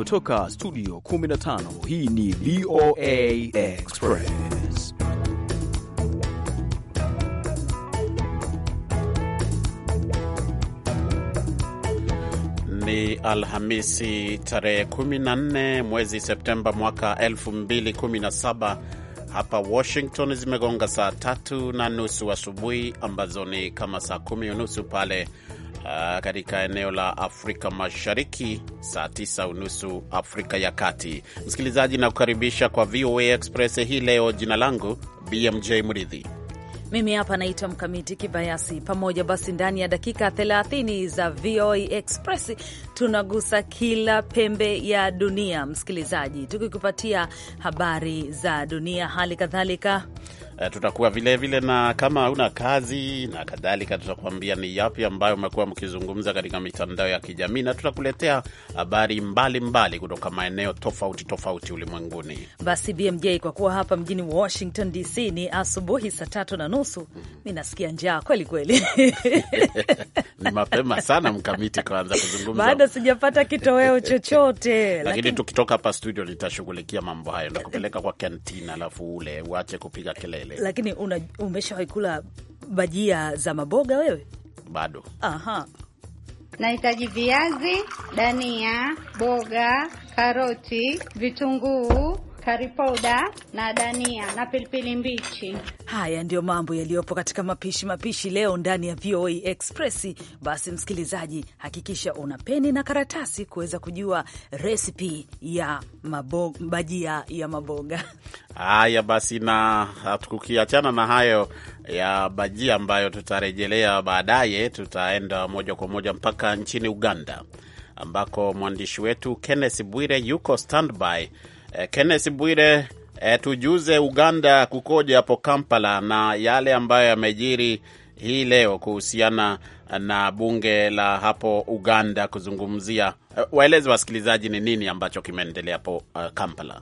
Kutoka studio 15 hii ni VOA Express. Ni Alhamisi tarehe 14 mwezi Septemba mwaka 2017. Hapa Washington zimegonga saa tatu na nusu asubuhi ambazo ni kama saa kumi unusu pale Ah, katika eneo la Afrika Mashariki, saa tisa unusu Afrika ya Kati. Msikilizaji, nakukaribisha kwa VOA Express hii leo. Jina langu BMJ Mridhi, mimi hapa naitwa Mkamiti Kibayasi. Pamoja basi, ndani ya dakika 30 za VOA Express tunagusa kila pembe ya dunia, msikilizaji, tukikupatia habari za dunia, hali kadhalika Eh, tutakuwa vilevile vile na kama una kazi na kadhalika, tutakuambia ni yapi ambayo umekuwa mkizungumza katika mitandao ya kijamii, na tutakuletea habari mbalimbali kutoka maeneo tofauti tofauti ulimwenguni. Basi BMJ, kwa kuwa hapa mjini Washington DC ni asubuhi saa tatu na nusu, mi nasikia njaa kweli kweli. Ni mapema sana Mkamiti kuanza kuzungumza, bado sijapata kitoweo chochote lakini, lakini tukitoka hapa studio nitashughulikia mambo hayo, nakupeleka kwa kantina alafu ule uache kupiga kelele unaendelea. Lakini una, umeshawahi kula bajia za maboga wewe? Bado. Aha. Nahitaji viazi, dania, boga, karoti, vitunguu curry powder na dania na pilipili mbichi. Haya ndiyo mambo yaliyopo katika mapishi mapishi leo ndani ya VOA Express. Basi msikilizaji, hakikisha una peni na karatasi kuweza kujua resipi ya bajia ya maboga. Haya basi, na tukiachana na hayo ya bajia ambayo tutarejelea baadaye, tutaenda moja kwa moja mpaka nchini Uganda ambako mwandishi wetu Kenneth Bwire yuko standby E, Kenneth Bwire, e, tujuze Uganda kukoja hapo Kampala na yale ambayo yamejiri hii leo kuhusiana na bunge la hapo Uganda kuzungumzia. E, waeleze wasikilizaji ni nini ambacho kimeendelea hapo uh, Kampala.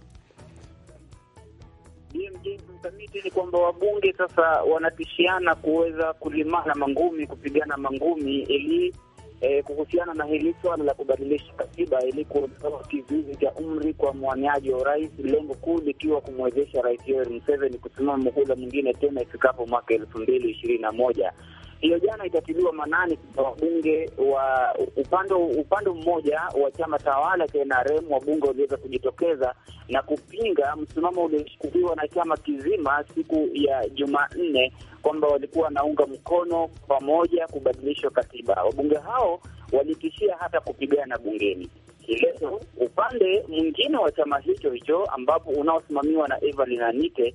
Mkamiti ni kwamba wabunge sasa wanatishiana kuweza kulimana mangumi, kupigana mangumi ili eh, kuhusiana na hili swala la kubadilisha katiba ili kuondoa kizuizi cha umri kwa mwaniaji wa urais, lengo kuu likiwa kumwezesha Rais Yoweri Museveni kusimama muhula mwingine tena ifikapo mwaka elfu mbili ishirini na moja hiyo jana itatiliwa manani kwa wabunge wa upande upande mmoja wa chama tawala cha NRM. Wabunge waliweza kujitokeza na kupinga msimamo uliochukuliwa na chama kizima siku ya Jumanne kwamba walikuwa wanaunga mkono pamoja kubadilishwa katiba. Wabunge hao walitishia hata kupigana bungeni. Leo upande mwingine wa chama hicho hicho ambapo unaosimamiwa na Evelyn Anite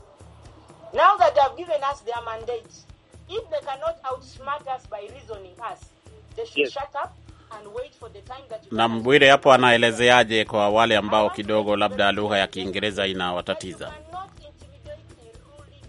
Now that they have given us their mandate, if they cannot outsmart us by reasoning us, they should yes. shut up. Na Mbwire hapo anaelezeaje kwa wale ambao kidogo labda lugha ya Kiingereza inawatatiza?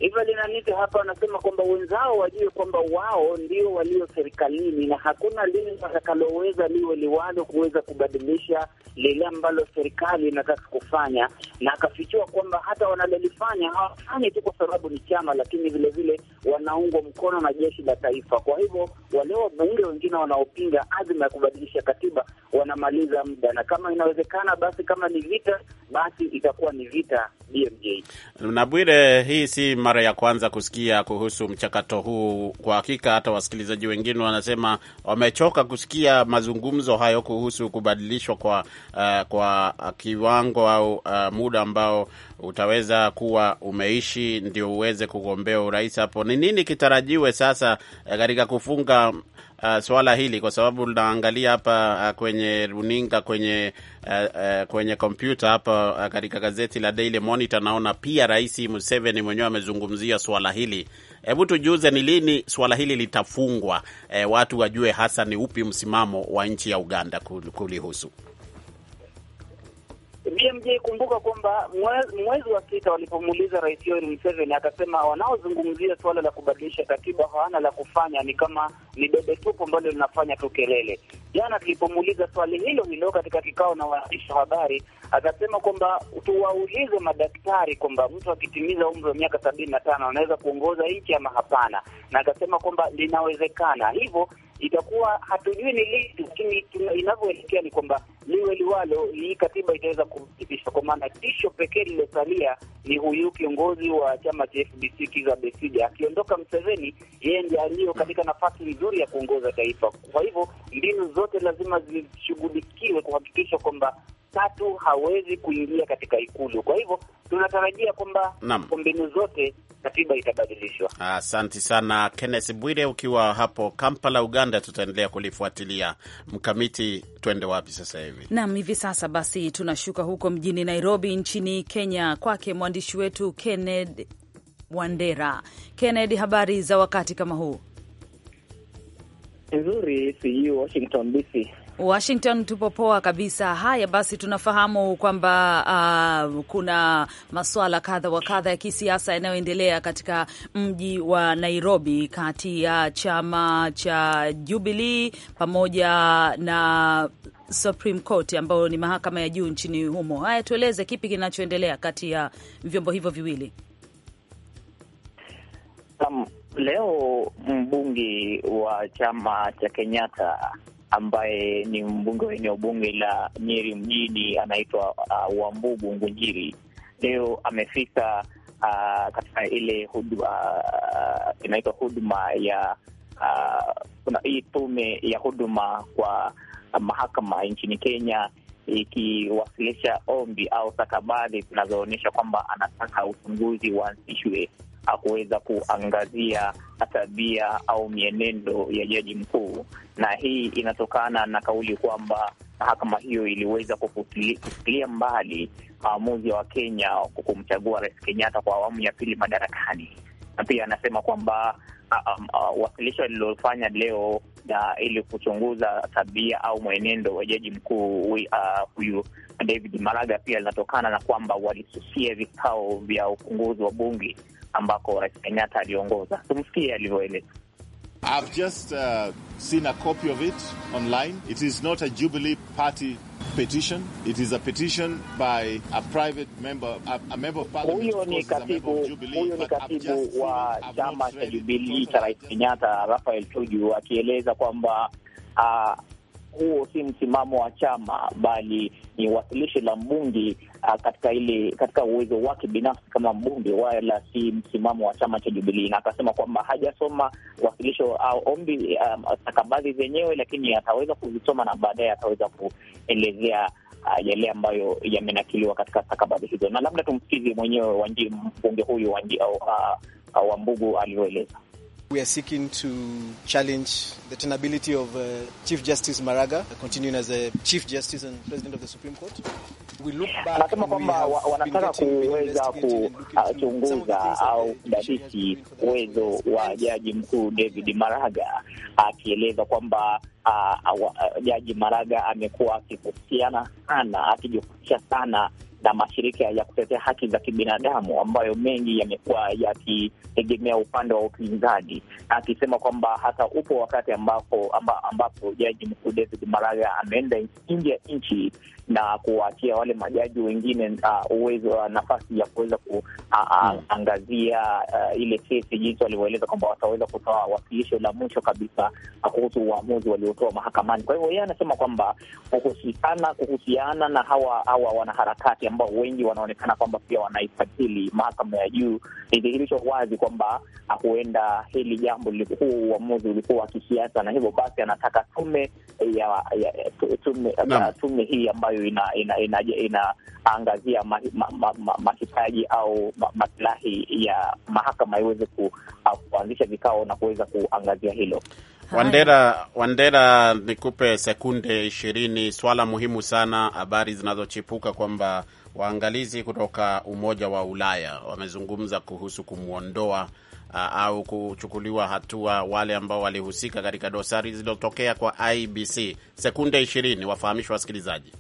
hivyo linanite hapa wanasema kwamba wenzao wajue kwamba wao ndio walio serikalini na hakuna lile watakaloweza liwe liwalo kuweza kubadilisha lile ambalo serikali inataka kufanya, na akafichua kwamba hata wanalolifanya hawafanyi tu kwa sababu ni chama, lakini vilevile wanaungwa mkono na jeshi la taifa. Kwa hivyo wale wabunge wengine wanaopinga azma ya kubadilisha katiba wanamaliza muda, na kama inawezekana, basi kama ni vita, basi itakuwa ni vita. BMJ na Bwire, hii si mara ya kwanza kusikia kuhusu mchakato huu. Kwa hakika, hata wasikilizaji wengine wanasema wamechoka kusikia mazungumzo hayo kuhusu kubadilishwa kwa, uh, kwa kiwango au uh, muda ambao utaweza kuwa umeishi ndio uweze kugombea urais hapo. Ni nini kitarajiwe sasa eh, katika kufunga uh, swala hili, kwa sababu linaangalia hapa uh, kwenye runinga kwenye uh, uh, kwenye kompyuta hapa uh, katika gazeti la Daily Monitor naona pia Rais Museveni mwenyewe amezungumzia swala hili. Hebu tujuze ni lini swala hili litafungwa, uh, watu wajue hasa ni upi msimamo wa nchi ya Uganda kulihusu. BMJ, kumbuka kwamba mwezi wa sita walipomuuliza Rais Yoweri Museveni akasema wanaozungumzia suala la kubadilisha katiba hawana la kufanya, ni kama ni bebe tupu ambalo linafanya tu kelele. Jana tulipomuuliza swali hilo hilo katika kikao na waandishi wa habari, akasema kwamba tuwaulize madaktari kwamba mtu akitimiza umri wa miaka sabini na tano anaweza kuongoza nchi ama hapana, na akasema kwamba linawezekana hivyo itakuwa hatujui ni lini, lakini inavyoelekea ni kwamba liwe liwalo, hii katiba itaweza kupitishwa, kwa maana tisho pekee lililosalia ni huyu kiongozi wa chama cha fbc Kiza Besija. Akiondoka Mseveni, yeye ndiye aliyo katika nafasi nzuri ya kuongoza taifa. Kwa hivyo mbinu zote lazima zishughulikiwe kuhakikisha kwamba tatu hawezi kuingia katika Ikulu. Kwa hivyo tunatarajia kwamba kombinu zote katiba itabadilishwa. Asante sana Kenneth Bwire, ukiwa hapo Kampala, Uganda. Tutaendelea kulifuatilia. Mkamiti, twende wapi sasa hivi? Naam, hivi sasa basi tunashuka huko mjini Nairobi nchini Kenya, kwake mwandishi wetu Kenneth Wandera. Kenneth, habari za wakati kama huu? Nzuri, si Washington DC. Washington tupo poa kabisa. Haya basi, tunafahamu kwamba uh, kuna masuala kadha wa kadha ya kisiasa yanayoendelea katika mji wa Nairobi kati ya chama cha Jubilee pamoja na Supreme Court ambayo ni mahakama ya juu nchini humo. Haya, tueleze kipi kinachoendelea kati ya vyombo hivyo viwili. Um, leo mbunge wa chama cha Kenyatta ambaye ni mbunge wa eneo bunge la Nyeri mjini, anaitwa uh, Wambugu Ngunjiri, leo amefika uh, katika ile huduma uh, inaitwa huduma ya uh, kuna hii tume ya huduma kwa mahakama nchini Kenya ikiwasilisha ombi au stakabadhi zinazoonyesha kwamba anataka uchunguzi uanzishwe kuweza kuangazia tabia au mienendo ya jaji mkuu, na hii inatokana na kauli kwamba mahakama hiyo iliweza kufutilia mbali maamuzi ya Wakenya kumchagua Rais Kenyatta kwa awamu ya pili madarakani, na pia anasema kwamba um, uh, wasilisho alilofanya leo na ili kuchunguza tabia au mwenendo wa jaji mkuu uh, huyu David Maraga pia linatokana na kwamba walisusia vikao vya upunguzi wa bunge ambako Rais Kenyatta aliongoza. Tumsikie alivyoeleza. I've just uh, seen a copy of it online. It is not a Jubilee Party huyo ni katibu, huyo ni katibu wa chama cha Jubilee cha Rais Kenyatta, Rafael Tuju akieleza kwamba ah, huo uh, si msimamo wa chama bali ni wasilishi la mbunge Uh, katika ile katika uwezo wake binafsi kama mbunge, wala si msimamo wa chama cha Jubilii, na akasema kwamba hajasoma wasilisho au ombi um, stakabadhi um, zenyewe, lakini ataweza kuzisoma na baadaye ataweza kuelezea Uh, yale ambayo yamenakiliwa katika stakabadhi hizo, na labda tumsikize mwenyewe mbunge huyu wa uh, uh, Mbugu alivyoeleza. We are seeking to challenge the tenability of uh, Chief Justice Maraga continuing as a Chief Justice and President of the Supreme Court anasema kwamba wanataka kuweza kuchunguza au kudadisi uwezo wa jaji mkuu David Maraga, akieleza kwamba jaji Maraga amekuwa akihusiana sana, akijihusisha sana na mashirika ya kutetea haki za kibinadamu ambayo mengi yamekuwa yakitegemea upande wa upinzani, akisema kwamba hata upo wakati ambapo ambapo jaji mkuu David Maraga ameenda nje ya nchi na kuwaachia wale majaji wengine uh, uwezo wa uh, nafasi ya kuweza kuangazia uh, uh, mm. uh, ile kesi jinsi walivyoeleza kwamba wataweza kutoa wasilisho la mwisho kabisa kuhusu uamuzi waliotoa mahakamani. Kwa hivyo yeye anasema kwamba kuhusiana kuhusiana na hawa hawa wanaharakati ambao wengi wanaonekana kwamba pia wanaifadhili mahakama ya juu, idhihirisho wazi kwamba huenda hili jambo huu uamuzi ulikuwa wa kisiasa, na hivyo basi anataka tume ya, ya tume, tume hii ambayo ambayo inaangazia ina, ina, ina mahitaji ma, ma, ma, ma, au masilahi ma, ya mahakama iweze ku, kuanzisha vikao na kuweza kuangazia hilo. Wandera, Wandera, nikupe sekunde ishirini. Swala muhimu sana, habari zinazochipuka kwamba waangalizi kutoka Umoja wa Ulaya wamezungumza kuhusu kumwondoa uh, au kuchukuliwa hatua wale ambao walihusika katika dosari zilizotokea kwa IBC. Sekunde ishirini, wafahamishe wasikilizaji.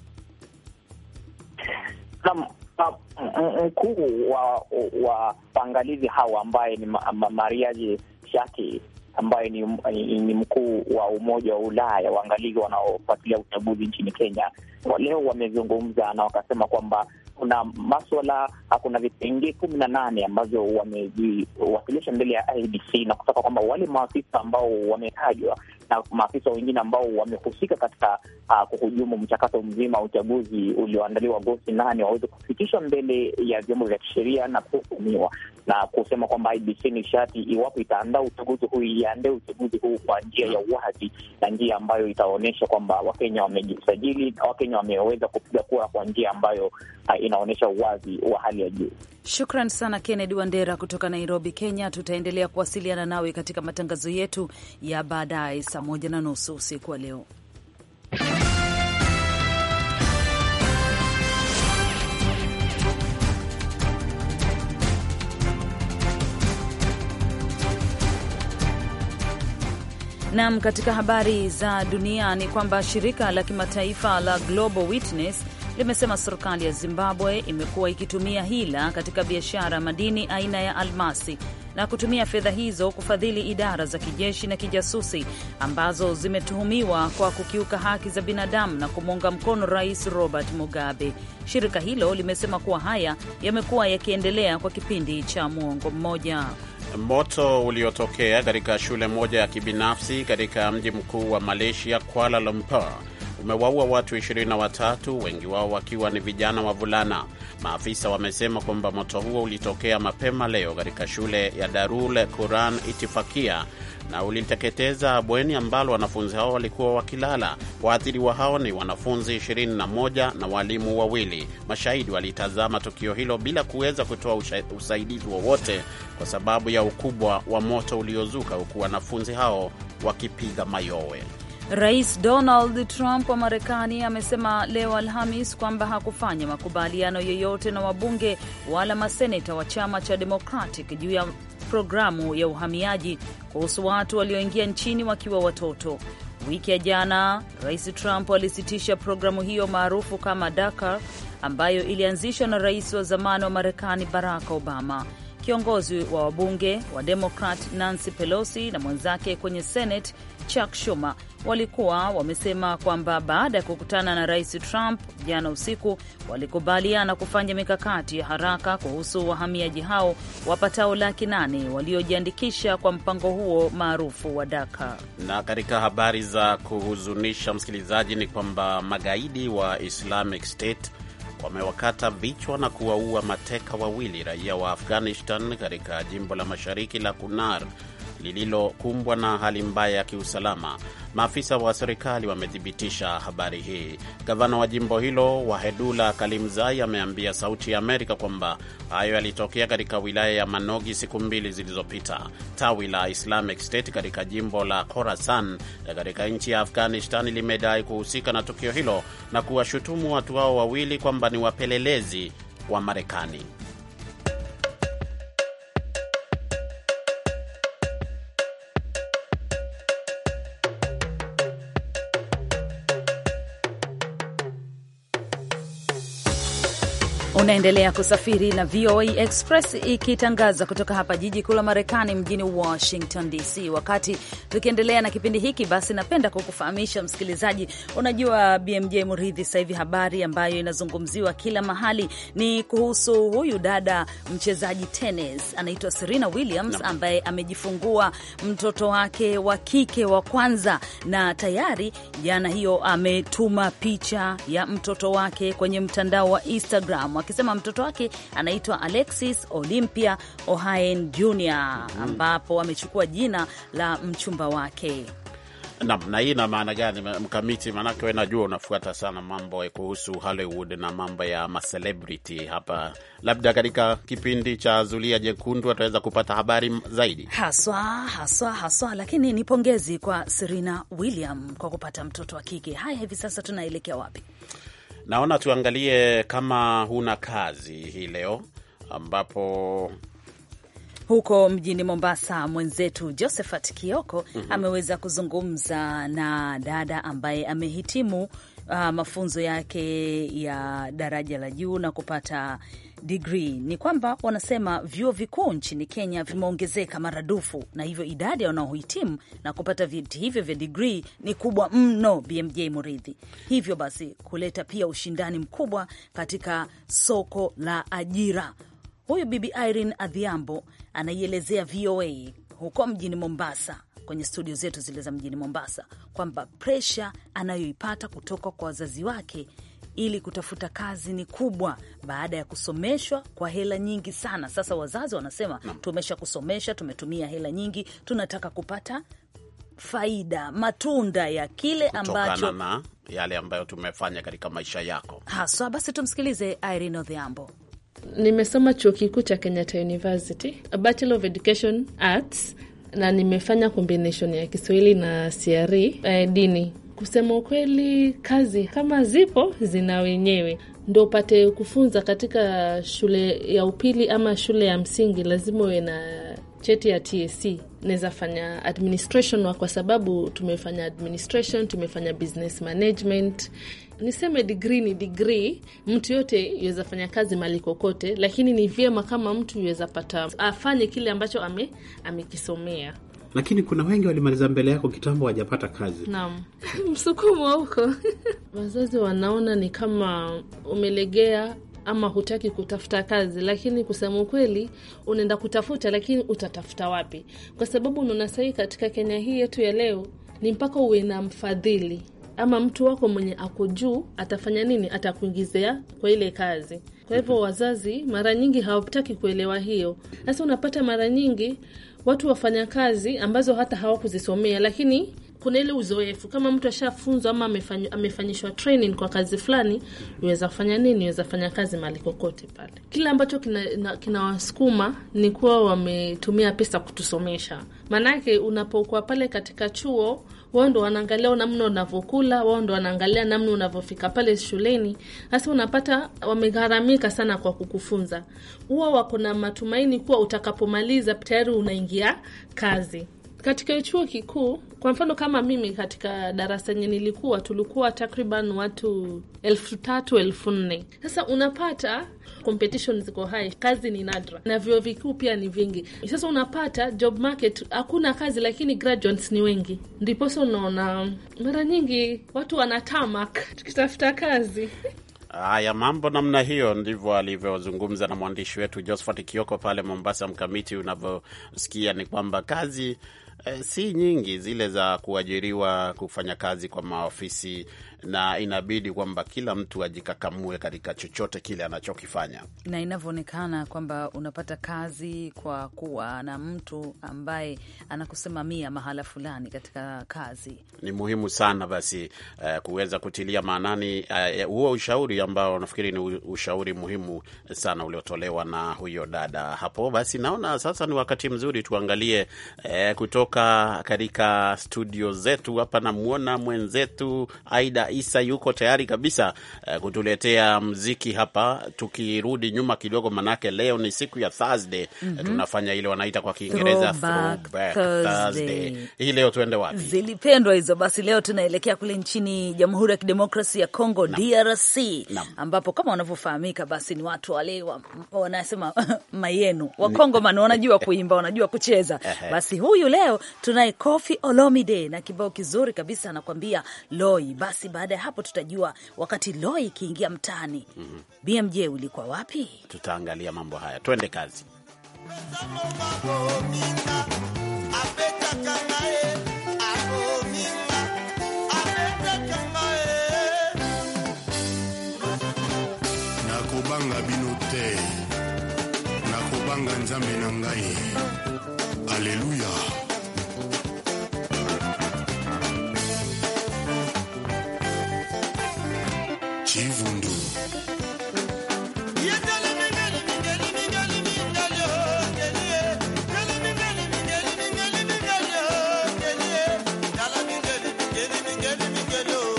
Mm, mm, mkuu wa wa waangalizi hawa ambaye ni Mariaje Shaki ambaye ni, ni, ni mkuu wa Umoja wa Ulaya waangalizi wanaofuatilia uchaguzi nchini Kenya leo wamezungumza na wakasema kwamba kuna maswala, kuna vipengee kumi na nane ambavyo wamejiwasilisha mbele ya IBC na kutoka kwamba wale maafisa ambao wametajwa na maafisa wengine ambao wamehusika katika uh, kuhujumu mchakato mzima wa uchaguzi ulioandaliwa Agosti nane waweze kufikishwa mbele ya vyombo vya kisheria na kuhukumiwa, na kusema kwamba IBC ni sharti, iwapo itaandaa uchaguzi huu, iandae uchaguzi huu kwa njia ya uwazi na njia ambayo itaonyesha kwamba Wakenya wamejisajili, na Wakenya wameweza kupiga kura kwa njia ambayo uh, inaonyesha uwazi wa hali ya juu. Shukran sana Kennedy Wandera kutoka Nairobi, Kenya. Tutaendelea kuwasiliana nawe katika matangazo yetu ya baadaye saa moja na nusu usiku wa leo. Nam, katika habari za dunia ni kwamba shirika la kimataifa la Global Witness limesema serikali ya Zimbabwe imekuwa ikitumia hila katika biashara madini aina ya almasi na kutumia fedha hizo kufadhili idara za kijeshi na kijasusi ambazo zimetuhumiwa kwa kukiuka haki za binadamu na kumuunga mkono Rais Robert Mugabe. Shirika hilo limesema kuwa haya yamekuwa yakiendelea kwa kipindi cha muongo mmoja. Moto uliotokea katika shule moja ya kibinafsi katika mji mkuu wa Malaysia, Kuala Lumpur imewaua watu 23, wengi wao wakiwa ni vijana wavulana. Maafisa wamesema kwamba moto huo ulitokea mapema leo katika shule ya Darul Quran Itifakia na uliteketeza bweni ambalo wanafunzi hao walikuwa wakilala. Waathiriwa hao ni wanafunzi 21 na walimu wawili. Mashahidi walitazama tukio hilo bila kuweza kutoa usaidizi wowote kwa sababu ya ukubwa wa moto uliozuka, huku wanafunzi hao wakipiga mayowe. Rais Donald Trump wa Marekani amesema leo Alhamis kwamba hakufanya makubaliano yoyote na wabunge wala maseneta wa chama cha Democratic juu ya programu ya uhamiaji kuhusu watu walioingia nchini wakiwa watoto. Wiki ya jana, Rais Trump alisitisha programu hiyo maarufu kama DACA ambayo ilianzishwa na rais wa zamani wa Marekani Barack Obama. Kiongozi wa wabunge wa Democrat Nancy Pelosi na mwenzake kwenye Senate Chuck Schumer walikuwa wamesema kwamba baada ya kukutana na Rais Trump jana usiku, walikubaliana kufanya mikakati ya haraka kuhusu wahamiaji hao wapatao laki nane waliojiandikisha kwa mpango huo maarufu wa Daka. Na katika habari za kuhuzunisha, msikilizaji, ni kwamba magaidi wa Islamic State wamewakata vichwa na kuwaua mateka wawili raia wa Afghanistan katika jimbo la mashariki la Kunar lililokumbwa na hali mbaya ya kiusalama. Maafisa wa serikali wamethibitisha habari hii. Gavana wa jimbo hilo Wahedula Kalimzai ameambia Sauti ya Amerika kwamba hayo yalitokea katika wilaya ya Manogi siku mbili zilizopita. Tawi la Islamic State katika jimbo la Khorasan katika nchi ya Afghanistan limedai kuhusika na tukio hilo na kuwashutumu watu hao wawili kwamba ni wapelelezi wa Marekani. Unaendelea kusafiri na VOA Express ikitangaza kutoka hapa jiji kuu la Marekani, mjini Washington DC. Wakati tukiendelea na kipindi hiki, basi napenda kukufahamisha msikilizaji, unajua BMJ Muridhi, sasa hivi habari ambayo inazungumziwa kila mahali ni kuhusu huyu dada mchezaji tennis anaitwa Serena Williams ambaye amejifungua mtoto wake wa kike wa kwanza, na tayari jana hiyo ametuma picha ya mtoto wake kwenye mtandao wa Instagram akisema mtoto wake anaitwa Alexis Olympia Ohain Jr, mhm. ambapo amechukua jina la mchumba wake. Nam, na hii ina maana gani Mkamiti? Maanake we najua unafuata sana mambo kuhusu Hollywood na mambo ya macelebrity hapa. Labda katika kipindi cha Zulia Jekundu ataweza kupata habari zaidi haswa haswa haswa. Lakini ni pongezi kwa Serena William kwa kupata mtoto wa kike. Haya, hivi sasa tunaelekea wapi? Naona tuangalie kama huna kazi hii leo, ambapo huko mjini Mombasa mwenzetu Josephat Kioko mm -hmm. ameweza kuzungumza na dada ambaye amehitimu uh, mafunzo yake ya daraja la juu na kupata degree ni kwamba wanasema vyuo vikuu nchini Kenya vimeongezeka maradufu, na hivyo idadi ya wanaohitimu na kupata vyeti hivyo vya digrii ni kubwa mno. BMJ Muridhi, hivyo basi kuleta pia ushindani mkubwa katika soko la ajira. Huyu Bibi Irene Adhiambo anaielezea VOA huko mjini Mombasa kwenye studio zetu zile za mjini Mombasa kwamba presha anayoipata kutoka kwa wazazi wake ili kutafuta kazi ni kubwa, baada ya kusomeshwa kwa hela nyingi sana. Sasa wazazi wanasema tumesha kusomesha, tumetumia hela nyingi, tunataka kupata faida, matunda ya kile ambacho na yale ambayo tumefanya katika maisha yako haswa. basi tumsikilize Irene Odhiambo. Nimesoma chuo kikuu cha Kenyatta University, a Bachelor of Education Arts na nimefanya combination ya Kiswahili na siari e, eh, dini. Kusema ukweli, kazi kama zipo zina wenyewe ndo upate kufunza katika shule ya upili ama shule ya msingi, lazima uwe na cheti ya TSC naweza fanya administration wa, kwa sababu tumefanya administration, tumefanya business management. Niseme digri ni digri, mtu yote yuweza fanya kazi mali kokote, lakini ni vyema kama mtu yuweza pata afanye kile ambacho ame, amekisomea lakini kuna wengi walimaliza mbele yako kitambo, wajapata kazi. Naam, msukumo huko wazazi wanaona ni kama umelegea, ama hutaki kutafuta kazi, lakini kusema ukweli, unaenda kutafuta, lakini utatafuta wapi? Kwa sababu unaona sahii katika Kenya hii yetu ya leo ni mpaka uwe na mfadhili ama mtu wako mwenye ako juu atafanya nini? Atakuingizia kwa ile kazi. Kwa hivyo wazazi mara nyingi hawataki kuelewa hiyo. Sasa unapata mara nyingi watu wafanya kazi ambazo hata hawakuzisomea, lakini kuna ile uzoefu, kama mtu ashafunzwa ama amefanyishwa training kwa kazi fulani, iweza kufanya nini, iweza fanya kazi mali kokote pale. Kile ambacho kinawasukuma kina ni kuwa wametumia pesa kutusomesha, maanake unapokuwa pale katika chuo wao ndo wanaangalia namna unavyokula, wao ndo wanaangalia namna unavyofika pale shuleni. Sasa unapata wamegharamika sana kwa kukufunza. Huwa wako na matumaini kuwa utakapomaliza tayari unaingia kazi. Katika chuo kikuu kwa mfano kama mimi katika darasa yenye nilikuwa, tulikuwa takriban watu elfu tatu elfu nne. Sasa unapata competition ziko hai, kazi ni nadra na vyuo vikuu pia ni vingi. Sasa unapata job market hakuna kazi, lakini graduates ni wengi, ndiposa unaona mara nyingi watu tamak tukitafuta kazi. Haya mambo namna hiyo, ndivyo alivyozungumza na mwandishi wetu Josephat Kioko pale Mombasa. Mkamiti, unavyosikia ni kwamba kazi e, si nyingi zile za kuajiriwa kufanya kazi kwa maofisi, na inabidi kwamba kila mtu ajikakamue katika chochote kile anachokifanya, na inavyoonekana kwamba unapata kazi kwa kuwa na mtu ambaye anakusimamia mahala fulani katika kazi. Ni muhimu sana basi e, kuweza kutilia maanani eh, huo ushauri ambao nafikiri ni ushauri muhimu sana uliotolewa na huyo dada hapo. Basi naona sasa ni wakati mzuri tuangalie e, kutoka kutoka katika studio zetu hapa, namwona mwenzetu Aida Isa yuko tayari kabisa uh, kutuletea mziki hapa. Tukirudi nyuma kidogo, manake leo ni siku ya Thursday mm -hmm. tunafanya ile wanaita kwa Kiingereza throwback Thursday. Hii leo tuende wapi? Zilipendwa hizo. Basi leo tunaelekea kule nchini Jamhuri ya Kidemokrasi ya Congo DRC Nam. ambapo kama wanavyofahamika basi ni watu wale wanasema mayenu Wakongo man wanajua kuimba, wanajua kucheza. Basi huyu leo tunaye Kofi Olomide na kibao kizuri kabisa anakuambia Loi. Basi baada ya hapo tutajua wakati Loi ikiingia mtaani. mm -hmm. BMJ ulikuwa wapi? Tutaangalia mambo haya, twende kazi. nakubanga bino te nakubanga nzambe na ngai aleluya you do.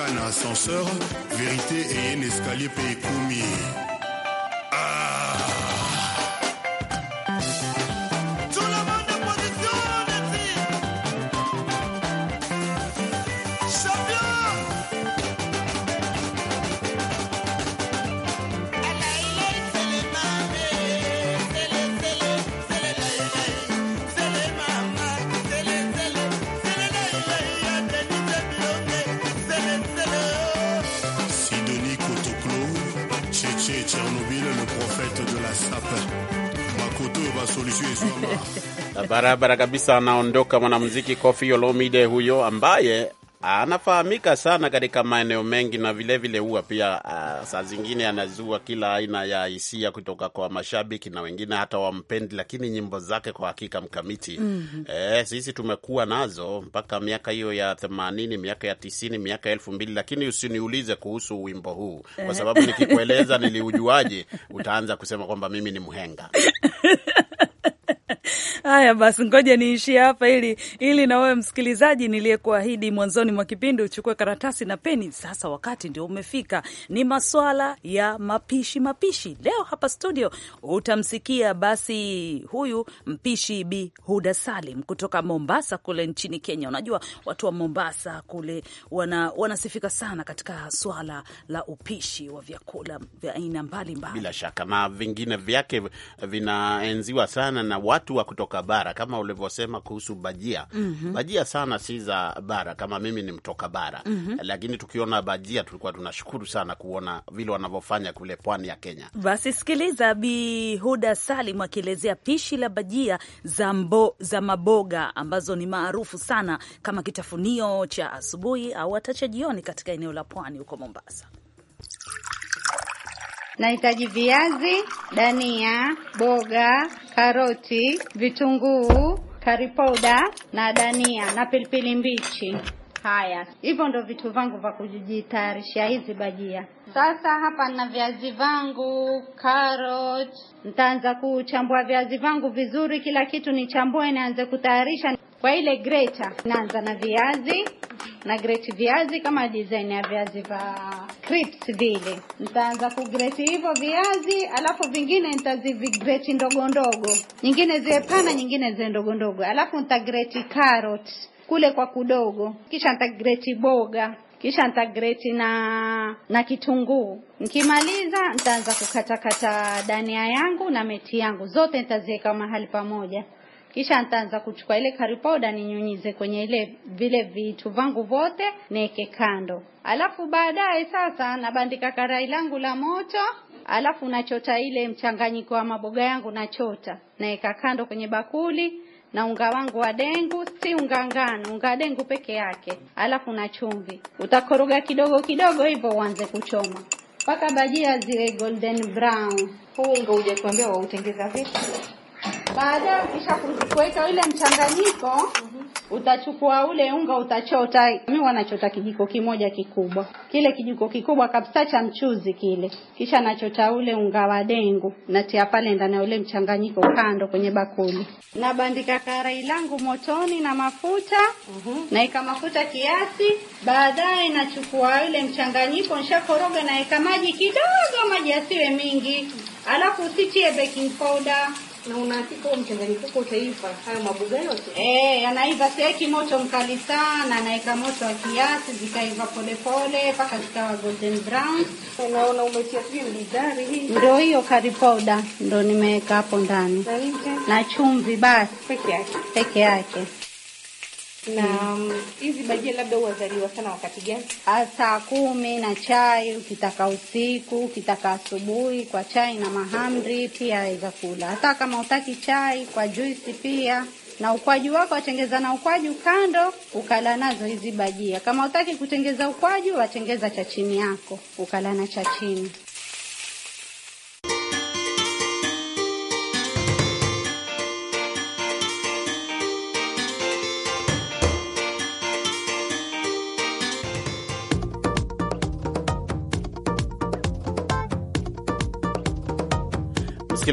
Un ascenseur vérité et un escalier pour commis. barabara kabisa. Anaondoka mwanamuziki Koffi Olomide huyo ambaye anafahamika sana katika maeneo mengi na vilevile huwa pia uh, saa zingine anazua kila aina ya hisia kutoka kwa mashabiki na wengine hata wampendi, lakini nyimbo zake kwa hakika mkamiti mm -hmm. Eh, sisi tumekuwa nazo mpaka miaka hiyo ya themanini, miaka ya tisini, miaka elfu mbili, lakini usiniulize kuhusu wimbo huu kwa eh. sababu nikikueleza niliujuaje utaanza kusema kwamba mimi ni mhenga Haya basi, ngoja niishie hapa ili ili na wewe msikilizaji niliyekuahidi mwanzoni mwa kipindi uchukue karatasi na peni. Sasa wakati ndio umefika, ni maswala ya mapishi. Mapishi leo hapa studio utamsikia basi huyu mpishi Bi Huda Salim kutoka Mombasa kule nchini Kenya. Unajua watu wa Mombasa kule wana, wanasifika sana katika swala la upishi wa vyakula vya aina mbalimbali, bila shaka na vingine vyake vinaenziwa sana na watu huwa kutoka bara kama ulivyosema kuhusu bajia. mm -hmm. Bajia sana si za bara, kama mimi ni mtoka bara mm -hmm. Lakini tukiona bajia tulikuwa tunashukuru sana kuona vile wanavyofanya kule pwani ya Kenya. Basi sikiliza Bi Huda Salim akielezea pishi la bajia za, mbo, za maboga ambazo ni maarufu sana kama kitafunio cha asubuhi au hata cha jioni katika eneo la pwani huko Mombasa. Nahitaji viazi, dania, boga, karoti, vitunguu, curry powder na dania na pilipili mbichi. Haya, hivyo ndo vitu vangu vya kujitayarishia hizi bajia. Sasa hapa na viazi vangu, karoti. Nitaanza kuchambua viazi vangu vizuri, kila kitu nichambue, nianze kutayarisha. Kwa ile greta naanza na viazi na grate viazi kama design ya viazi vya crisps vile. Nitaanza kugreti hivyo viazi, alafu vingine nitazivigrate ndogo ndogo, nyingine ziwe pana, nyingine ziwe ndogo ndogo, alafu nitagrate carrot kule kwa kudogo, kisha nitagrate boga kisha nitagreti na na kitunguu. Nikimaliza nitaanza kukatakata dania yangu na meti yangu, zote nitaziweka mahali pamoja kisha nitaanza kuchukua ile curry powder ninyunyize kwenye ile vile vitu vangu vote niweke kando, alafu baadaye sasa nabandika karai langu la moto, alafu nachota ile mchanganyiko wa maboga yangu, nachota naweka kando kwenye bakuli na unga wangu wa dengu, si unga ngano, unga dengu peke yake, alafu na chumvi. Utakoroga kidogo kidogo hivyo, uanze kuchoma mpaka bajia ziwe golden brown. Huu unga hujakuambia wautengeza vipi? Baadaye ukisha kuweka ile mchanganyiko mhm. Utachukua ule unga utachota. Mimi wanachota kijiko kimoja kikubwa, kile kijiko kikubwa kabisa cha mchuzi kile, kisha nachota ule unga wa dengu, natia pale ndani ya ule mchanganyiko kando kwenye bakuli, nabandika karai langu motoni na mafuta mm Naika mafuta kiasi, baadaye nachukua ule mchanganyiko nishakoroga, naika maji kidogo, maji yasiwe mingi, alafu usitie baking powder na unapika mchanganyiko huko utaiva hayo mabuga yote. Eh, anaiva siweki moto mkali sana, naika moto wa kiasi, zikaiva polepole mpaka zikawa golden brown. Unaona umetia sijui dari hii, ndio hiyo curry powder ndio nimeweka hapo ndani na chumvi basi peke yake, peke yake na mm. Um, hizi mm, bajia labda huwazaliwa sana wakati gani? Ah, saa kumi na chai, ukitaka usiku, ukitaka asubuhi, kwa chai na mahamri pia aweza kula, hata kama utaki chai, kwa juisi pia na ukwaju wako watengeza na ukwaju kando, ukala nazo hizi bajia. Kama utaki kutengeza ukwaju, watengeza cha chini yako, ukala na cha chini.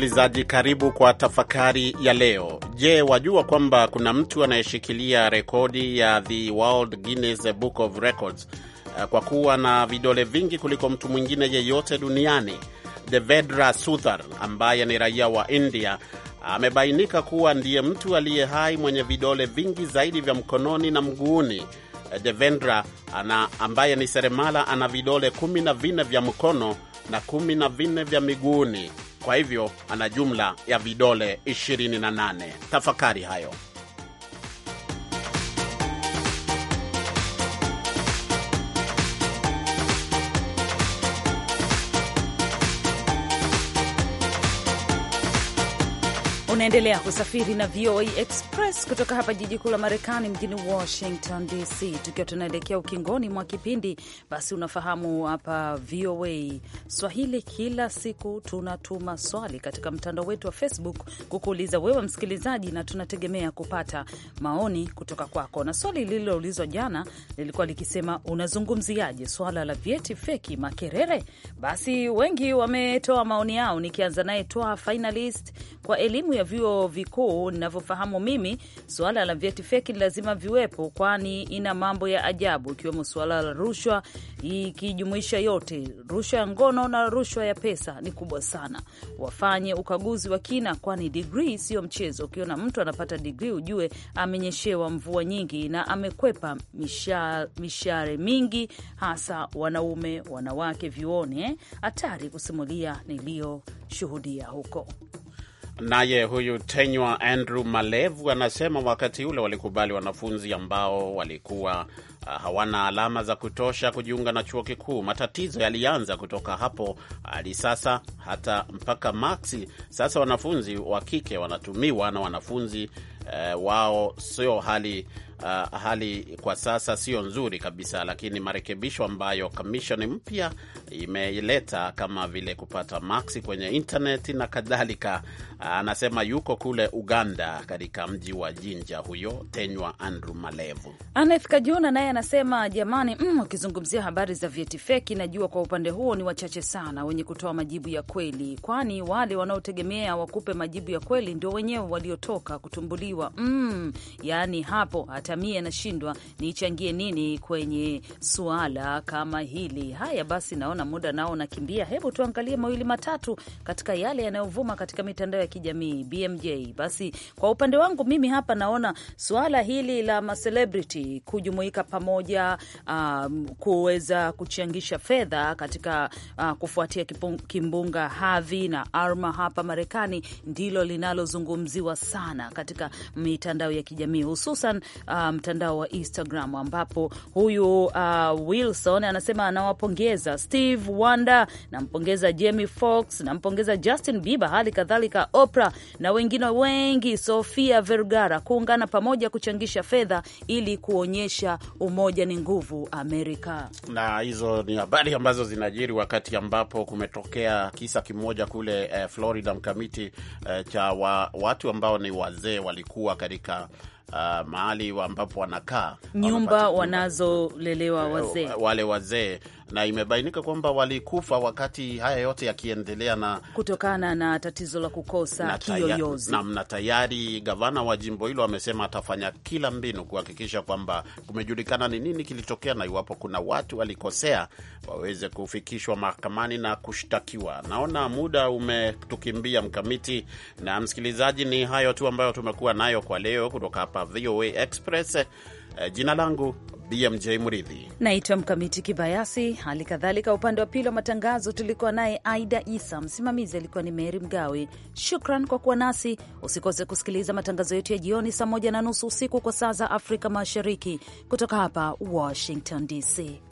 msikilizaji, karibu kwa tafakari ya leo. Je, wajua kwamba kuna mtu anayeshikilia rekodi ya the World Guinness Book of Records eh, kwa kuwa na vidole vingi kuliko mtu mwingine yeyote duniani? Devendra Suthar ambaye ni raia wa India amebainika kuwa ndiye mtu aliye hai mwenye vidole vingi zaidi vya mkononi na mguuni. Eh, Devendra ana, ambaye ni seremala ana vidole kumi na vinne vya mkono na kumi na vinne vya miguuni. Kwa hivyo ana jumla ya vidole 28. Tafakari hayo. Unaendelea kusafiri na VOA Express kutoka hapa jiji kuu la Marekani, mjini Washington DC, tukiwa tunaelekea ukingoni mwa kipindi. Basi unafahamu hapa VOA Swahili kila siku tunatuma swali katika mtandao wetu wa Facebook kukuuliza wewe msikilizaji, na tunategemea kupata maoni kutoka kwako. Na swali lililoulizwa jana lilikuwa likisema, unazungumziaje swala la vyeti feki Makerere? Basi wengi wametoa maoni yao, nikianza naye Toa Finalist kwa elimu ya vyuo vikuu ninavyofahamu mimi, suala la vyeti feki lazima viwepo, kwani ina mambo ya ajabu, ikiwemo suala la rushwa, ikijumuisha yote, rushwa ya ngono na rushwa ya pesa ni kubwa sana. Wafanye ukaguzi wa kina, kwani digrii sio mchezo. Ukiona mtu anapata digrii, ujue amenyeshewa mvua nyingi na amekwepa mishare mingi, hasa wanaume, wanawake vyuoni. Eh? Hatari kusimulia niliyoshuhudia huko. Naye huyu Tenywa Andrew Malevu anasema wakati ule walikubali wanafunzi ambao walikuwa Ah, hawana alama za kutosha kujiunga na chuo kikuu. Matatizo yalianza kutoka hapo hadi sasa, hata mpaka maksi. Sasa wanafunzi wa kike wanatumiwa na wanafunzi eh, wao sio hali Uh, hali kwa sasa sio nzuri kabisa, lakini marekebisho ambayo kamishoni mpya imeileta kama vile kupata maksi kwenye intaneti na kadhalika. Ah, anasema uh, yuko kule Uganda katika mji wa Jinja, huyo Tenywa Andrew Malevu. Anafika naye anasema jamani, mm, wakizungumzia mm, habari za vyeti feki, najua kwa upande huo ni wachache sana wenye kutoa majibu ya kweli, kwani wale wanaotegemea wakupe majibu ya kweli ndio wenyewe waliotoka kutumbuliwa. Mm, yaani hapo hata mie nashindwa niichangie nini kwenye suala kama hili. Haya basi, naona muda nao nakimbia, hebu tuangalie mawili matatu katika yale yanayovuma katika mitandao ya kijamii. BMJ, basi kwa upande wangu mimi hapa naona suala hili la macelebrity kujumuika pamoja pamoja um, kuweza kuchangisha fedha katika uh, kufuatia kimbunga Harvey na Irma hapa Marekani ndilo linalozungumziwa sana katika mitandao ya kijamii hususan uh, mtandao um, wa Instagram ambapo huyu uh, Wilson anasema anawapongeza Steve Wonder, nampongeza Jamie Foxx, nampongeza Justin Bieber, hali kadhalika Oprah na wengine wengi, Sofia Vergara kuungana pamoja kuchangisha fedha ili kuonyesha um umoja ni nguvu Amerika. Na hizo ni habari ambazo zinajiri wakati ambapo kumetokea kisa kimoja kule eh, Florida mkamiti eh, cha wa, watu ambao ni wazee walikuwa katika uh, mahali ambapo wanakaa nyumba wanazolelewa eh, wazee wale wazee na imebainika kwamba walikufa wakati haya yote yakiendelea, na kutokana na tatizo la kukosa kiyoyozi. nam na tayari gavana wa jimbo hilo amesema atafanya kila mbinu kuhakikisha kwamba kumejulikana ni nini kilitokea, na iwapo kuna watu walikosea waweze kufikishwa mahakamani na kushtakiwa. Naona muda umetukimbia mkamiti, na msikilizaji, ni hayo tu ambayo tumekuwa nayo kwa leo kutoka hapa VOA Express. Eh, jina langu BMJ Mridhi, naitwa Mkamiti Kibayasi. Hali kadhalika upande wa pili wa matangazo tulikuwa naye Aida Isa, msimamizi alikuwa ni Meri Mgawe. Shukran kwa kuwa nasi. Usikose kusikiliza matangazo yetu ya jioni saa moja na nusu usiku kwa saa za Afrika Mashariki, kutoka hapa Washington DC.